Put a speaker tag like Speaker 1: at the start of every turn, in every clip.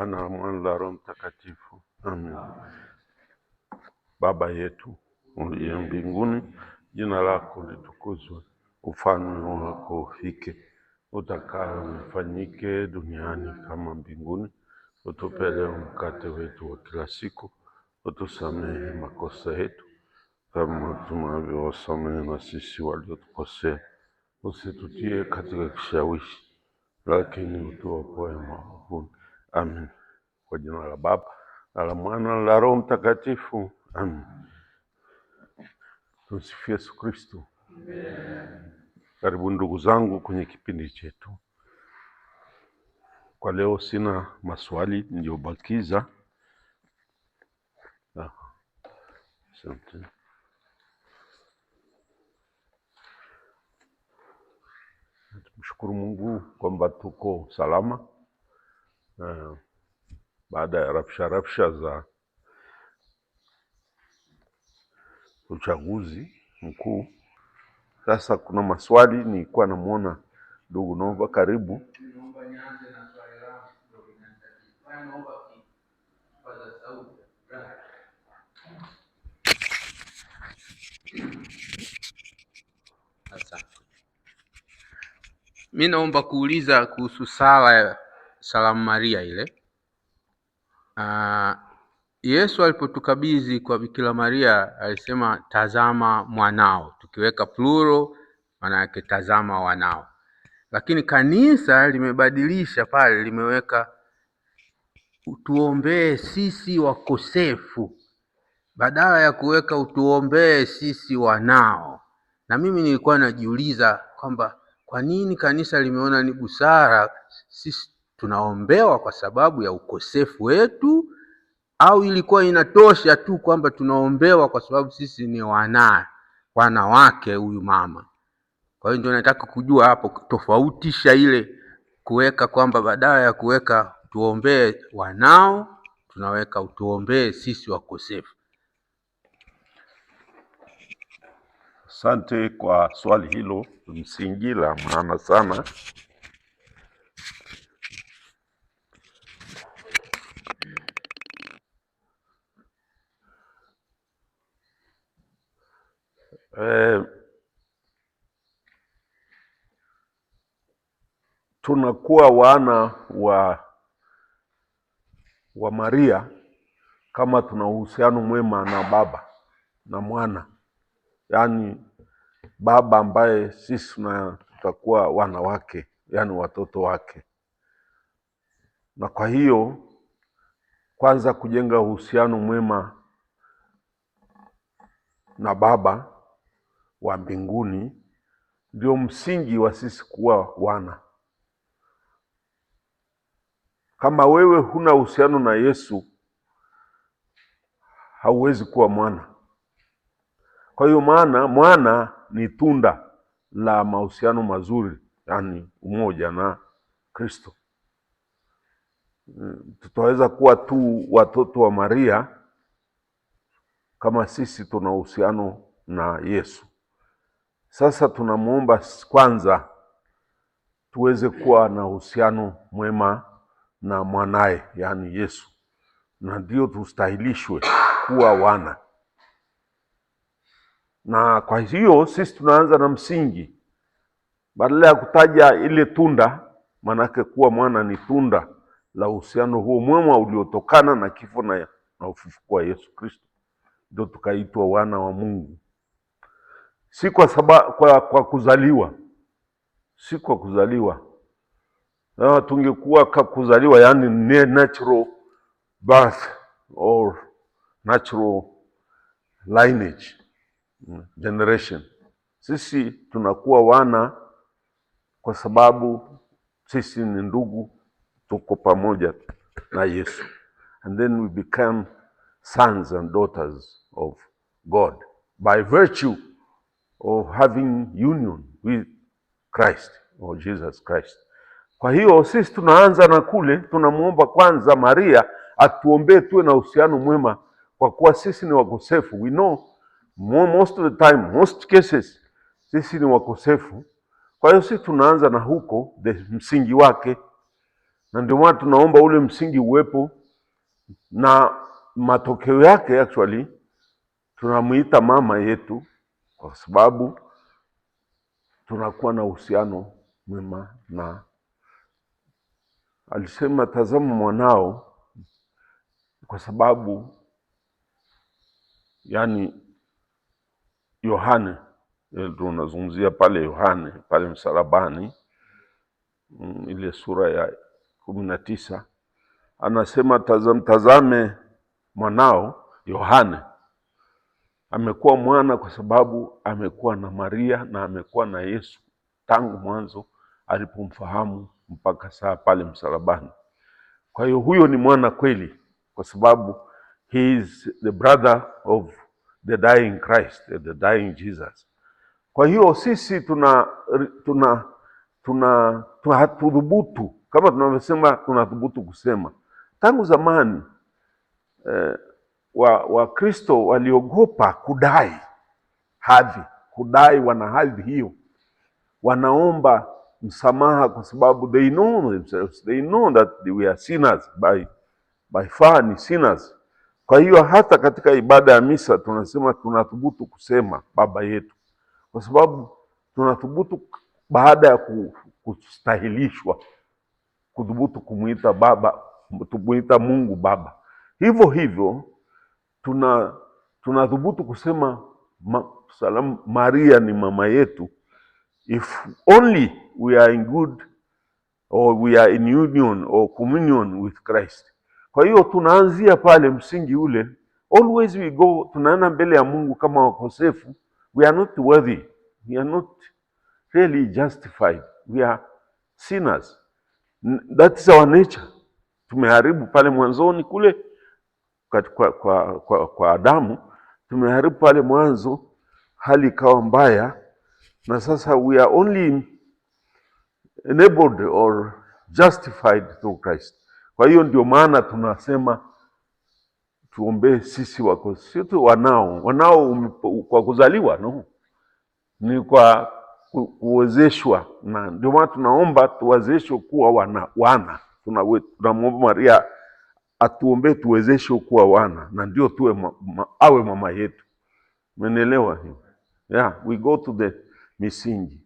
Speaker 1: ana Mwana Roho Mtakatifu. Amen. Baba yetu uliye mbinguni, jina lako litukuzwe, ufalme wako ufike, utakalo lifanyike duniani kama mbinguni. Utupe leo mkate wetu wa kila siku, utusamehe makosa yetu kama tunavyowasamehe na sisi waliotukosea, usitutie katika kishawishi, lakini utuokoe maovuni Amen. Kwa jina la Baba na la Mwana na la Roho Mtakatifu. Amen. Tumsifu Yesu Kristo. Karibu ndugu zangu kwenye kipindi chetu kwa leo. Sina maswali niliyobakiza. Ah, asante. Mungu kwamba tuko salama baada ya rabsha za uchaguzi mkuu. Sasa kuna maswali nilikuwa namwona ndugu Nova, karibu. Mimi naomba kuuliza kuhusu sala salamu Maria ile. Aa, ah, Yesu alipotukabidhi kwa Bikira Maria alisema tazama mwanao, tukiweka plural maana yake tazama wanao, lakini kanisa limebadilisha pale, limeweka utuombee sisi wakosefu badala ya kuweka utuombee sisi wanao. Na mimi nilikuwa najiuliza kwamba kwa nini kanisa limeona ni busara sisi tunaombewa kwa sababu ya ukosefu wetu, au ilikuwa inatosha tu kwamba tunaombewa kwa sababu sisi ni wana wanawake huyu mama? Kwa hiyo ndio nataka kujua hapo, tofautisha ile kuweka kwamba badala ya kuweka tuombee wanao, tunaweka utuombee sisi wakosefu. Asante kwa swali hilo msingi la maana sana. eh, tunakuwa wana wa wa Maria kama tuna uhusiano mwema na baba na mwana, yaani baba ambaye sisi na tutakuwa wana wake, yaani watoto wake. Na kwa hiyo kwanza kujenga uhusiano mwema na baba wa mbinguni ndio msingi wa sisi kuwa wana. Kama wewe huna uhusiano na Yesu, hauwezi kuwa mwana. Kwa hiyo maana mwana ni tunda la mahusiano mazuri, yaani umoja na Kristo. Tutaweza kuwa tu watoto wa Maria kama sisi tuna uhusiano na Yesu. Sasa tunamuomba kwanza tuweze kuwa na uhusiano mwema na mwanaye, yaani Yesu, na ndio tustahilishwe kuwa wana. Na kwa hiyo sisi tunaanza na msingi, badala ya kutaja ile tunda, maanake kuwa mwana ni tunda la uhusiano huo mwema uliotokana na kifo na, na ufufuko wa Yesu Kristo, ndio tukaitwa wana wa Mungu si kwa, sababu kwa, kwa kuzaliwa, si kwa kuzaliwa. Na tungekuwa kwa kuzaliwa, yani natural birth or natural lineage mm, generation. Sisi tunakuwa wana kwa sababu sisi ni ndugu, tuko pamoja na Yesu, and then we become sons and daughters of God by virtue of having union with Christ or Jesus Christ. Kwa hiyo sisi tunaanza na kule, tunamwomba kwanza Maria atuombee tuwe na uhusiano mwema, kwa kuwa sisi ni wakosefu. We know most of the time, most cases sisi ni wakosefu. Kwa hiyo sisi tunaanza na huko the msingi wake, na ndio maana tunaomba ule msingi uwepo, na matokeo yake actually tunamwita mama yetu kwa sababu tunakuwa na uhusiano mwema na alisema, tazama mwanao, kwa sababu yani Yohane tunazungumzia e, pale Yohane pale msalabani, mm, ile sura ya kumi na tisa anasema tazame, tazame mwanao Yohane amekuwa mwana kwa sababu amekuwa na Maria na amekuwa na Yesu tangu mwanzo alipomfahamu mpaka saa pale msalabani. Kwa hiyo huyo ni mwana kweli, kwa sababu he is the brother of the dying Christ, the dying Jesus. Kwa hiyo sisi tuna tuna tuna hatudhubutu kama tunavyosema, tunathubutu kusema tangu zamani eh, Wakristo wa waliogopa kudai hadhi, kudai wana hadhi hiyo, wanaomba msamaha kwa sababu they know themselves, they know that we are sinners by, by far ni sinners. Kwa hiyo hata katika ibada ya misa tunasema tunathubutu kusema Baba yetu kwa sababu tunathubutu baada ya kustahilishwa kudhubutu kumwita Baba, kumwita Mungu Baba. Hivyo hivyo tuna tunathubutu kusema ma, salamu Maria ni mama yetu if only we are in good or we are in union or communion with Christ. Kwa hiyo tunaanzia pale msingi ule, always we go, tunaenda mbele ya Mungu kama wakosefu. We are not worthy, we are not really justified, we are sinners, that is our nature. Tumeharibu pale mwanzoni kule kwa, kwa, kwa, kwa Adamu, tumeharibu pale mwanzo, hali ikawa mbaya, na sasa we are only enabled or justified through Christ. Kwa hiyo ndio maana tunasema tuombee sisi wako, sio tu wanao wanao um, kwa kuzaliwa no, ni kwa kuwezeshwa, na ndio maana tunaomba tuwezeshwe kuwa wana, wana. Tunamwomba Maria atuombee tuwezeshe kuwa wana na ndio tuwe ma, ma, awe mama yetu. Umenielewa hiyo? Yeah, we go to the misingi.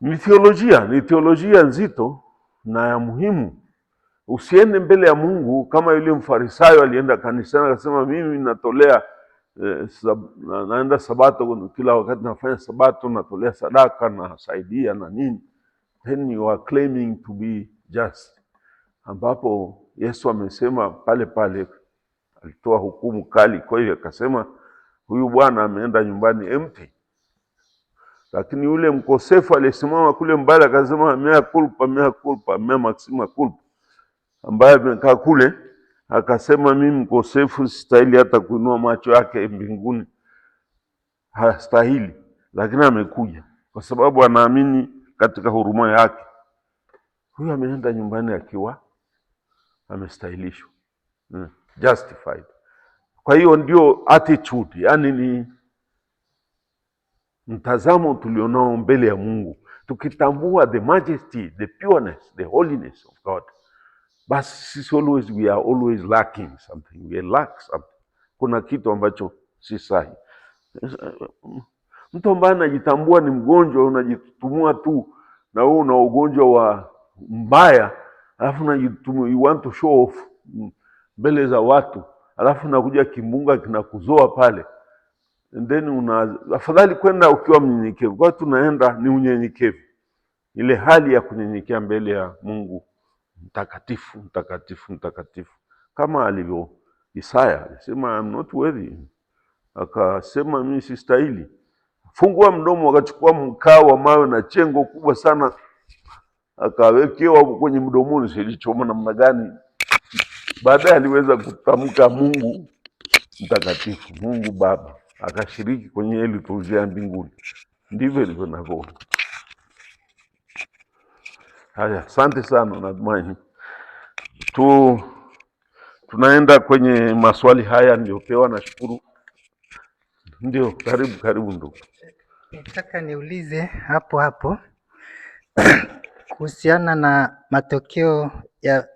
Speaker 1: Ni theolojia, ni theolojia nzito na ya muhimu. Usiende mbele ya Mungu kama yule mfarisayo alienda kanisani akasema, mimi natolea eh, sab, na, naenda sabato kila wakati, nafanya sabato, natolea sadaka, nasaidia na nini, then you are claiming to be just ambapo Yesu amesema pale pale, alitoa hukumu kali kweli, akasema huyu bwana ameenda nyumbani empty. Lakini yule mkosefu aliyesimama kule mbali akasema mea culpa, mea culpa, mea maxima culpa, ambaye amekaa kule akasema mimi mkosefu, sistahili hata kuinua macho yake mbinguni, hastahili. Lakini amekuja kwa sababu anaamini katika huruma yake. Huyu ameenda nyumbani akiwa ya amestahilishwa mm. Justified. Kwa hiyo ndio attitude, yani ni mtazamo tulionao mbele ya Mungu, tukitambua the majesty, the pureness, the holiness of God, basi sisi always we are always lacking something, we lack something. Kuna kitu ambacho si sahihi. Mtu ambaye anajitambua ni mgonjwa, unajitumua tu na wewe una ugonjwa wa mbaya alafu na you, you want to show off mm, mbele za watu, alafu nakuja kimbunga kinakuzoa pale and then una, afadhali kwenda ukiwa mnyenyekevu. Kwa tunaenda ni unyenyekevu, ile hali ya kunyenyekea mbele ya Mungu mtakatifu, mtakatifu, mtakatifu kama alivyo Isaya alisema, I'm not worthy, akasema mimi si stahili. Fungua mdomo, akachukua mkaa wa mawe na chengo kubwa sana akawekewa kwenye mdomoni, silichoma namna gani? Baadaye aliweza kutamka Mungu mtakatifu, Mungu Baba, akashiriki kwenye ile liturujia ya mbinguni. Ndivyo ilivyo navyo. Haya, asante sana Natumai tu tunaenda kwenye maswali haya niliyopewa. Nashukuru. Ndio, karibu karibu ndugu.
Speaker 2: Nataka niulize hapo hapo kuhusiana na matokeo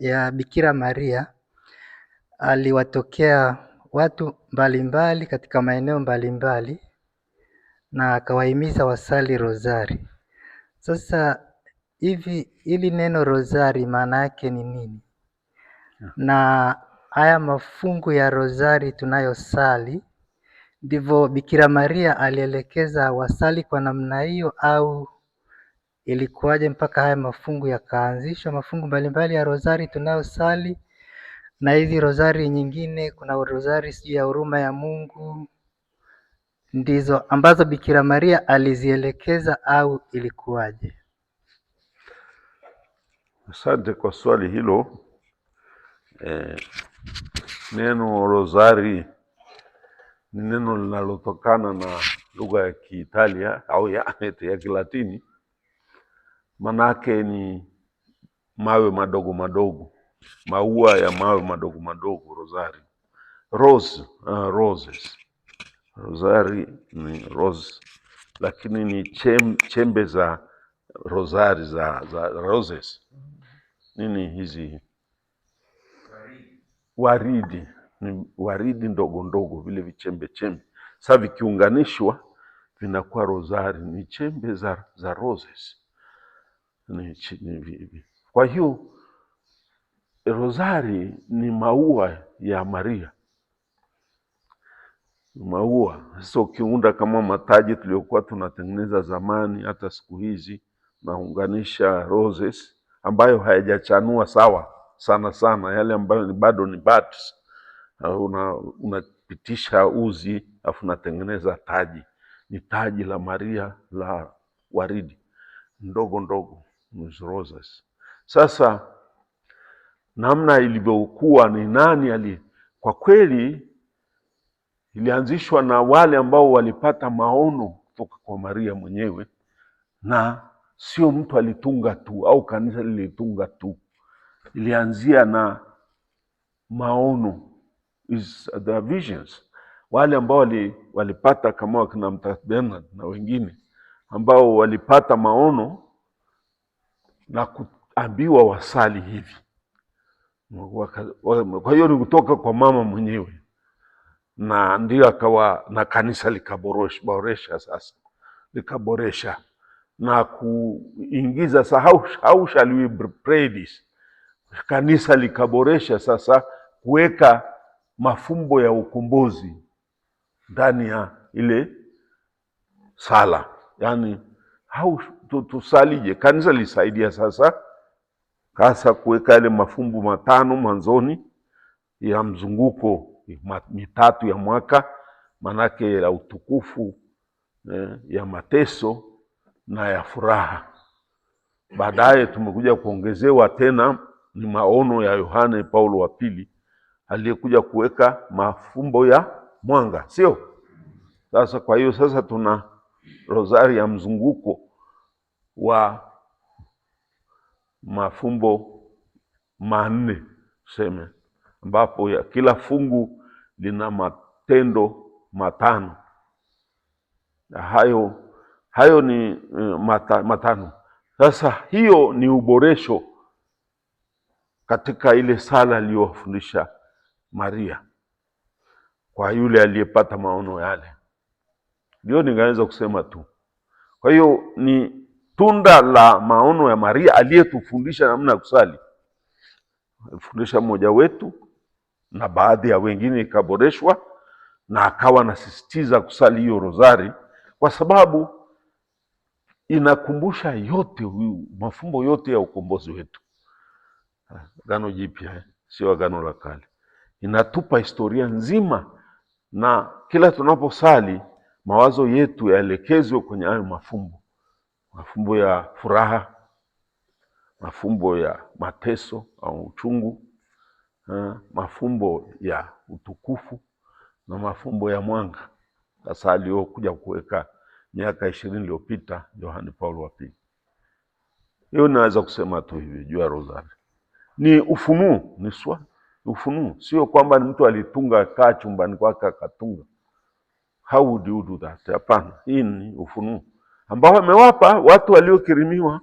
Speaker 2: ya Bikira Maria. Aliwatokea watu mbalimbali katika maeneo mbalimbali na akawahimiza wasali rozari. Sasa hivi hili neno rozari maana yake ni nini? Na haya mafungu ya rozari tunayosali ndivyo Bikira Maria alielekeza wasali kwa namna hiyo au ilikuwaje mpaka haya mafungu yakaanzishwa. Mafungu mbalimbali ya rozari tunayosali na hizi rozari nyingine, kuna rozari sijui ya huruma ya Mungu, ndizo ambazo Bikira Maria alizielekeza au ilikuwaje?
Speaker 1: Asante kwa swali hilo. Eh, neno rozari ni neno linalotokana na lugha ya Kiitalia au ya, ya Kilatini manake ni mawe madogo madogo, maua ya mawe madogo madogo, rosari rose, uh, roses rosari ni rose, lakini ni chem, chembe za rosari za, za roses nini hizi waridi ni waridi ndogo ndogo, vile vichembe chembe. Sasa vikiunganishwa vinakuwa rosari, ni chembe za, za roses. Kwa hiyo rozari ni maua ya Maria, maua sasa. Ukiunda kama mataji tuliokuwa tunatengeneza zamani, hata siku hizi naunganisha roses ambayo hayajachanua sawa sana sana, yale ambayo ni bado ni buds, unapitisha una uzi afu unatengeneza taji. Ni taji la Maria la waridi ndogo ndogo Roses. Sasa namna ilivyokuwa ni nani ali, kwa kweli ilianzishwa na wale ambao walipata maono kutoka kwa Maria mwenyewe, na sio mtu alitunga tu au kanisa lilitunga tu, ilianzia na maono is the visions, wale ambao wali, walipata kama wakina Bernard na wengine ambao walipata maono na kuambiwa wasali hivi. Kwa hiyo ni kutoka kwa mama mwenyewe, na ndio akawa na kanisa likaboresha sasa, likaboresha na kuingiza sahau how shall we pray this. Kanisa likaboresha sasa kuweka mafumbo ya ukombozi ndani ya ile sala, yani au tusalije? Kanisa lisaidia sasa hasa kuweka yale mafumbo matano mwanzoni ya mzunguko mitatu ya mwaka, manake ya utukufu eh, ya mateso na ya furaha. Baadaye tumekuja kuongezewa tena ni maono ya Yohane Paulo wa pili aliyekuja kuweka mafumbo ya mwanga, sio? Sasa kwa hiyo sasa tuna rosari ya mzunguko wa mafumbo manne seme, ambapo ya kila fungu lina matendo matano. Hayo hayo ni eh, mata, matano. Sasa hiyo ni uboresho katika ile sala aliyowafundisha Maria kwa yule aliyepata maono yale, ndio ningaweza kusema tu. Kwa hiyo ni tunda la maono ya Maria aliyetufundisha namna ya kusali, alifundisha mmoja wetu na baadhi ya wengine ikaboreshwa, na akawa anasisitiza kusali hiyo rozari kwa sababu inakumbusha yote huyu mafumbo yote ya ukombozi wetu, gano Jipya sio Agano la Kale. Inatupa historia nzima, na kila tunaposali mawazo yetu yaelekezwe kwenye hayo mafumbo mafumbo ya furaha, mafumbo ya mateso au uchungu, mafumbo ya utukufu na mafumbo ya mwanga, sasa aliyokuja kuweka miaka ishirini iliyopita Yohani Paulo wa Pili. Hiyo naweza kusema tu hivi juu ya rozari, ni ufunuo, ni swa ufunuo, sio kwamba ni mtu alitunga kaa chumbani kwake akatunga. How would you do that? Hapana, hii ni ufunuo ambao amewapa watu waliokirimiwa.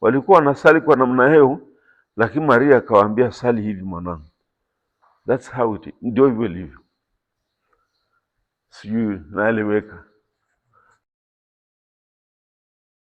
Speaker 1: Walikuwa wanasali kwa namna hiyo, lakini Maria akawaambia, sali hivi mwanangu. That's how it is. Ndio hivyo ilivyo, sijui naeleweka.